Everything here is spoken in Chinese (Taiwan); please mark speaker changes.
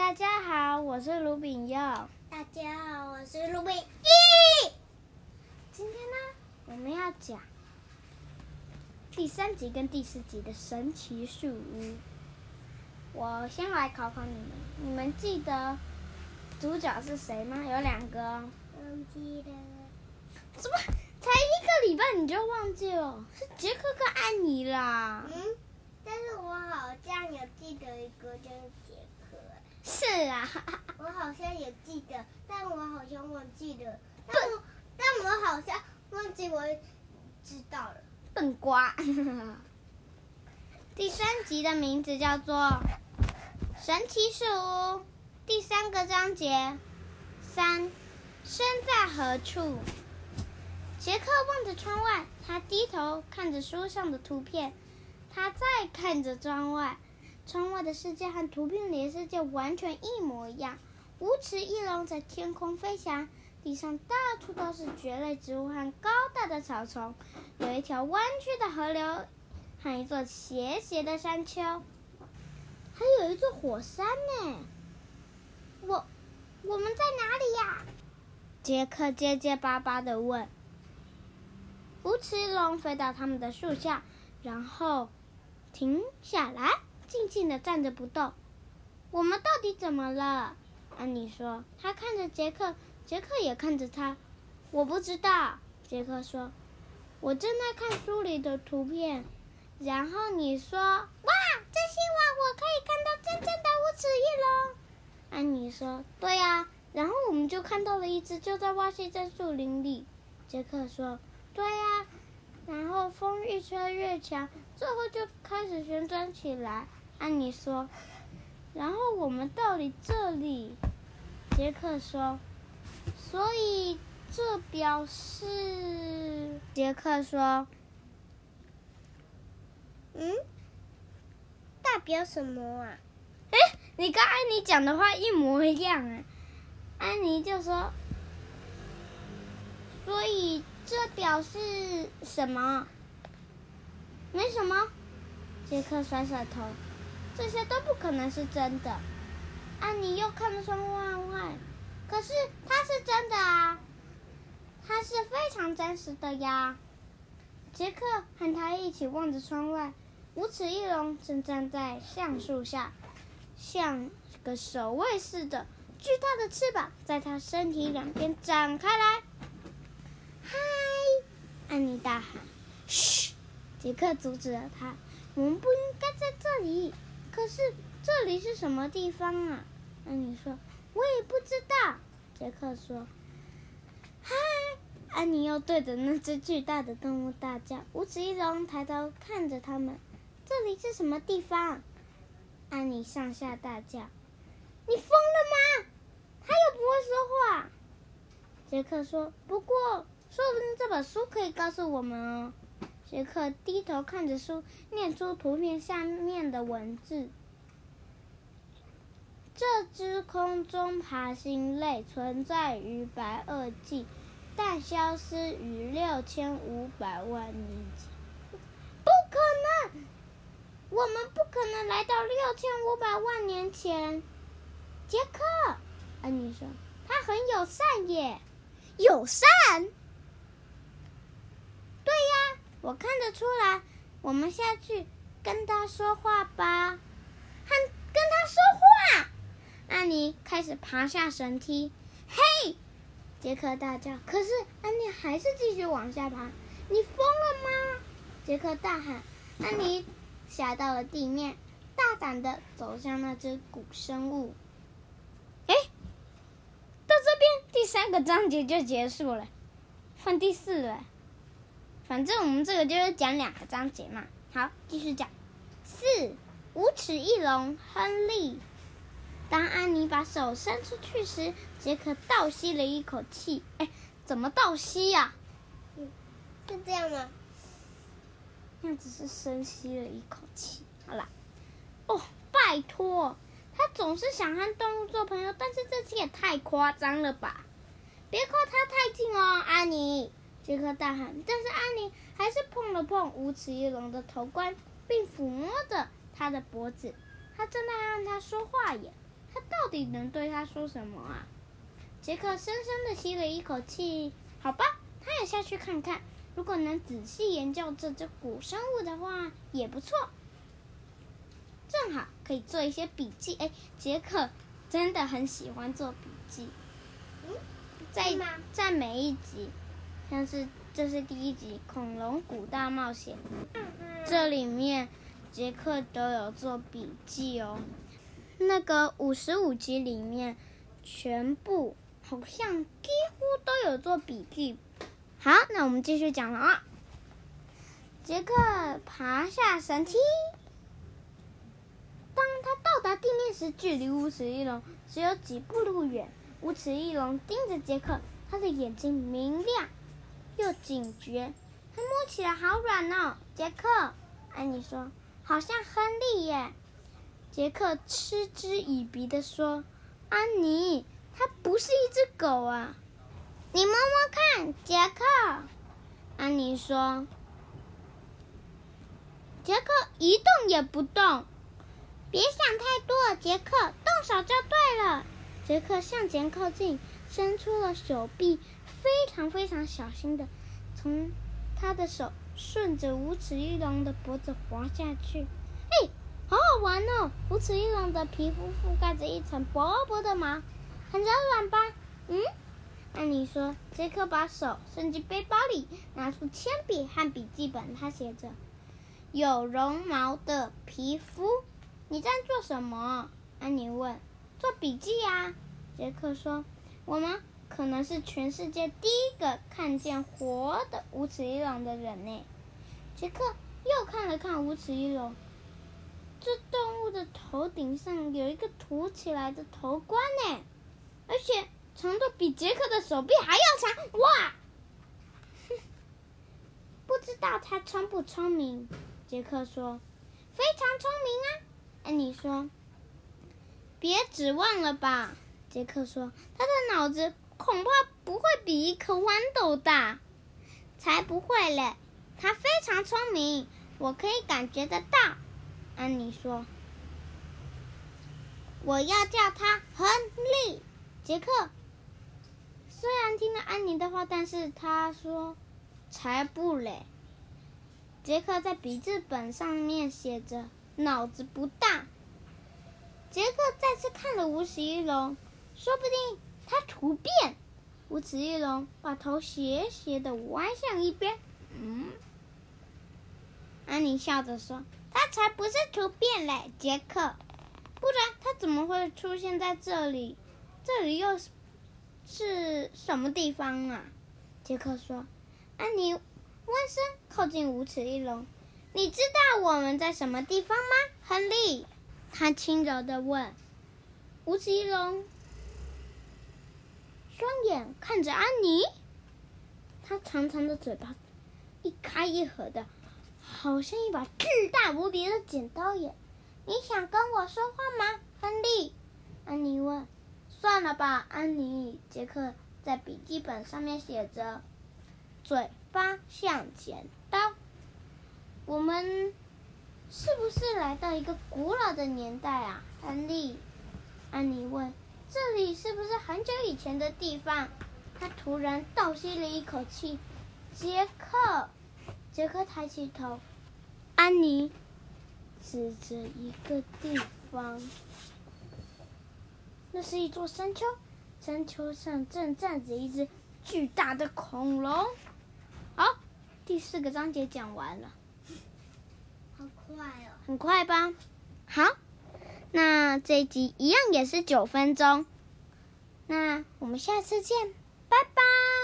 Speaker 1: 大家好，我是盧炳佑。大家好，我是盧炳義。今天呢，我們要講第三集跟第四集的神奇樹屋。我先來考考你們，你們記得主角是誰嗎？有兩個，忘記了。怎麼才一個禮拜你就忘記了？是傑克跟安妮啦。嗯，但是我好像有記得一個叫。是啊，我好像也記得，但我好像忘記了。但我但我好像忘記，我知道了。笨瓜！ 第三集的名字叫做《神奇樹屋》，第三個章節三，身在何處？傑克望着窗外，他低頭看着書上的圖片，他再看着窗外。窗外的世界和圖片裡的世界完全一模一樣。無齒翼龍在天空飛翔，地上到處都是蕨類植物和高大的草叢，有一條彎曲的河流，和一座斜斜的山丘，還有一座火山呢。我，我們在哪裡呀？傑克結結巴巴的問。無齒翼龍飛到他們的樹下，然後停下來。靜靜的站着不動。我們到底怎麼了？安妮說。他看着傑克，傑克也看着他。我不知道。傑克說。我正在看書裡的圖片。然後你說，哇！真希望我可以看到真正的無齒翼龍。安妮說，對呀、啊。然後我們就看到了一隻，就在哇塞，在樹林裡。傑克說，對呀、啊。然後風越吹越強，最後就開始旋轉起來。安妮說：“然後我們到了這裡。”傑克說：“所以這表示。”傑克說：“嗯，代表什麼啊？”哎，你跟安妮講的話一模一樣啊！安妮就說：“所以這表示什麼？沒什麼。”傑克甩甩頭。這些都不可能是真的，安妮又看了窗外。可是它是真的啊，它是非常真實的呀。傑克和他一起望着窗外，無齒翼龍正站在橡樹下，像個守衛似的。巨大的翅膀在他身體兩邊展開來。嗨！安妮大喊：“噓！”傑克阻止了他。我們不應該在這裡。可是這裡是什麼地方啊？安妮說：“我也不知道。”傑克說：“嗨！”安妮又對着那隻巨大的動物大叫。無齒翼龍抬頭看着他們：“這裡是什麼地方？”安妮上下大叫：“你瘋了嗎？”他又不會說話。傑克說：“不過，說不定這本書可以告訴我們哦。”傑克低頭看着書，念出圖片下面的文字：“這隻空中爬行類存在於白堊紀，但消失於六千五百萬年前。”不可能，我們不可能來到六千五百萬年前。傑克，安、啊、妮說：“他很友善耶，友善。”我看得出來，我們下去跟他說話吧。還跟他說話？安妮開始爬下繩梯。嘿！傑克大叫。可是安妮還是繼續往下爬。你瘋了嗎？傑克大喊。安妮下到了地面，大膽的走向那隻古生物。哎，到這邊第三個章節就結束了，放第四唄。反正我們這個就是講兩個章節嘛，好，繼續講。四，無齒翼龍亨利。當安妮把手伸出去時，傑克倒吸了一口氣。哎，怎麼倒吸啊？嗯，是這樣嗎？那只是深吸了一口氣。好啦，哦，拜托，他總是想和動物做朋友，但是這次也太誇張了吧？別靠他太近哦，安妮。傑克大喊，但是安妮還是碰了碰無齒翼龍的頭冠，並撫摸着他的脖子。他正在讓他說話耶！他到底能對他說什麼啊？傑克深深的吸了一口氣。好吧，他也下去看看。如果能仔細研究這隻古生物的話，也不錯。正好可以做一些筆記。哎，傑克真的很喜歡做筆記。嗯，在在每一集。但是這是第一集《恐龍谷大冒險》，這裡面傑克都有做筆記哦。那個五十五集裡面，全部好像幾乎都有做筆記。好，那我們繼續講了啊。傑克爬下繩梯，當他到達地面時，距離無齒翼龍只有幾步路遠。無齒翼龍盯着傑克，他的眼睛明亮，又警覺，他摸起來好軟哦。傑克，安妮說：“好像亨利耶。”傑克嗤之以鼻地說：“安妮，它不是一隻狗啊！”你摸摸看，傑克。安妮說：“傑克一動也不動。”別想太多，傑克，動手就對了。傑克向前靠近。伸出了手臂，非常非常小心的，從他的手順着無齒翼龍的脖子滑下去。哎，好好玩哦！無齒翼龍的皮膚覆蓋着一層薄薄的毛，很柔軟吧？嗯，安妮說。傑克把手伸進背包裡，拿出鉛筆和筆記本，他寫着：“有絨毛的皮膚。”你在做什麼？安妮問。“做筆記呀。”傑克說。我們可能是全世界第一個看見活的無齒翼龍的人呢。傑克又看了看無齒翼龍，這動物的頭頂上有一個凸起來的頭冠呢，而且長度比傑克的手臂還要長。哇！不知道它聰不聰明？傑克說：“非常聰明啊。”安妮說：“別指望了吧。”傑克說：“他的腦子恐怕不會比一顆豌豆大，才不會嘞！他非常聰明，我可以感覺得到。”安妮說：“我要叫他亨利。”傑克雖然聽了安妮的話，但是他說：“才不嘞！”傑克在筆記本上面寫着：“腦子不大。”傑克再次看了無齒翼龍。說不定它突變。無齒翼龍把頭斜斜的歪向一邊。嗯，安妮笑着說：“他才不是突變嘞，傑克，不然他怎麼會出現在這裡？這裡又是是什麼地方啊？”傑克說。安妮彎身靠近無齒翼龍：“你知道我們在什麼地方嗎？”亨利。他輕柔的問。無齒翼龍。雙眼看着安妮，她長長的嘴巴一開一合的，好像一把巨大無比的剪刀耶！你想跟我說話嗎，亨利？安妮問。算了吧，安妮。杰克在筆記本上面寫着：“嘴巴像剪刀。”我們是不是來到一個古老的年代啊？亨利？安妮問。這裡是不是很久？前的地方，他突然倒吸了一口氣。傑克，傑克抬起頭，安妮指着一個地方。那是一座山丘，山丘上正站着一隻巨大的恐龍。好，第四個章節講完了，好快哦，很快吧？好，那這一集一樣也是九分鐘。那我們下次見，拜拜。